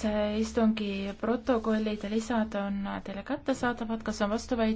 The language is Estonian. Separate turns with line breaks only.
see istungi protokollid ja lisad on teile kättesaadavad, kas on vastuväid?